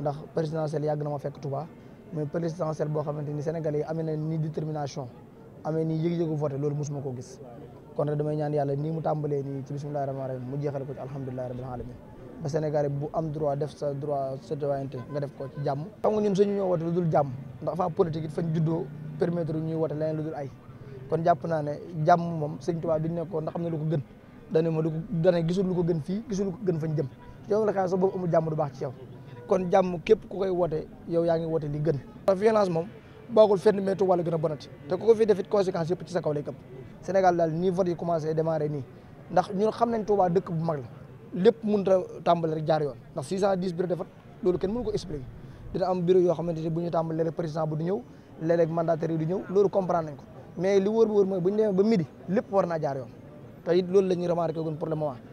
ndax présidentielle yàgg na ma fekk Touba mais présidentielle boo xamante ni Sénégalais yi amee na ni détermination amee ni yëg-yëgu voté loolu mosuma koo gis kon nag damay ñaan yàlla nii mu tàmbalee nii ci bismillahi rahmaani mu jeexale ko ci alhamdulilahi rabbil alamin ba Sénégalais bu am droit def sa droit citoyenneté nga def ko ci jàmm xam nga ñun suñu ñoo wote lu dul jàmm ndax fa politique it fañ juddoo permettre ñuy wote leneen lu dul ay kon jàpp naa ne jàmm moom sëñ Tuubaa bi nekkoon ndax am na lu ko gën dane ma lu ko dane gisul lu ko gën fii gisul lu ko gën fañ jëm yow la xaa sa boobu jàmm du baax ci yow kon jàmm képp ku koy woote yow yaa ngi woote li gën. violence moom boogul fenn météo wala gën a bonati te ku ko fi defit conséquence yëpp ci sa kaw lay këpp Sénégal daal nii vote yi commencé démarré nii ndax ñun xam nañ Touba dëkk bu mag la lépp mënut a tàmbali rek jaar yoon ndax 610 bureau defat loolu kenn mënu ko expliquer dina am bureau yoo xamante ni bu ñu tàmbali léeg-léeg président bu du ñëw léeg-léeg mandataire ñëw loolu comprendre nañ ko mais li ñu demee ba midi lépp war naa jaar yoon te it loolu la ñuy remarqué woon pour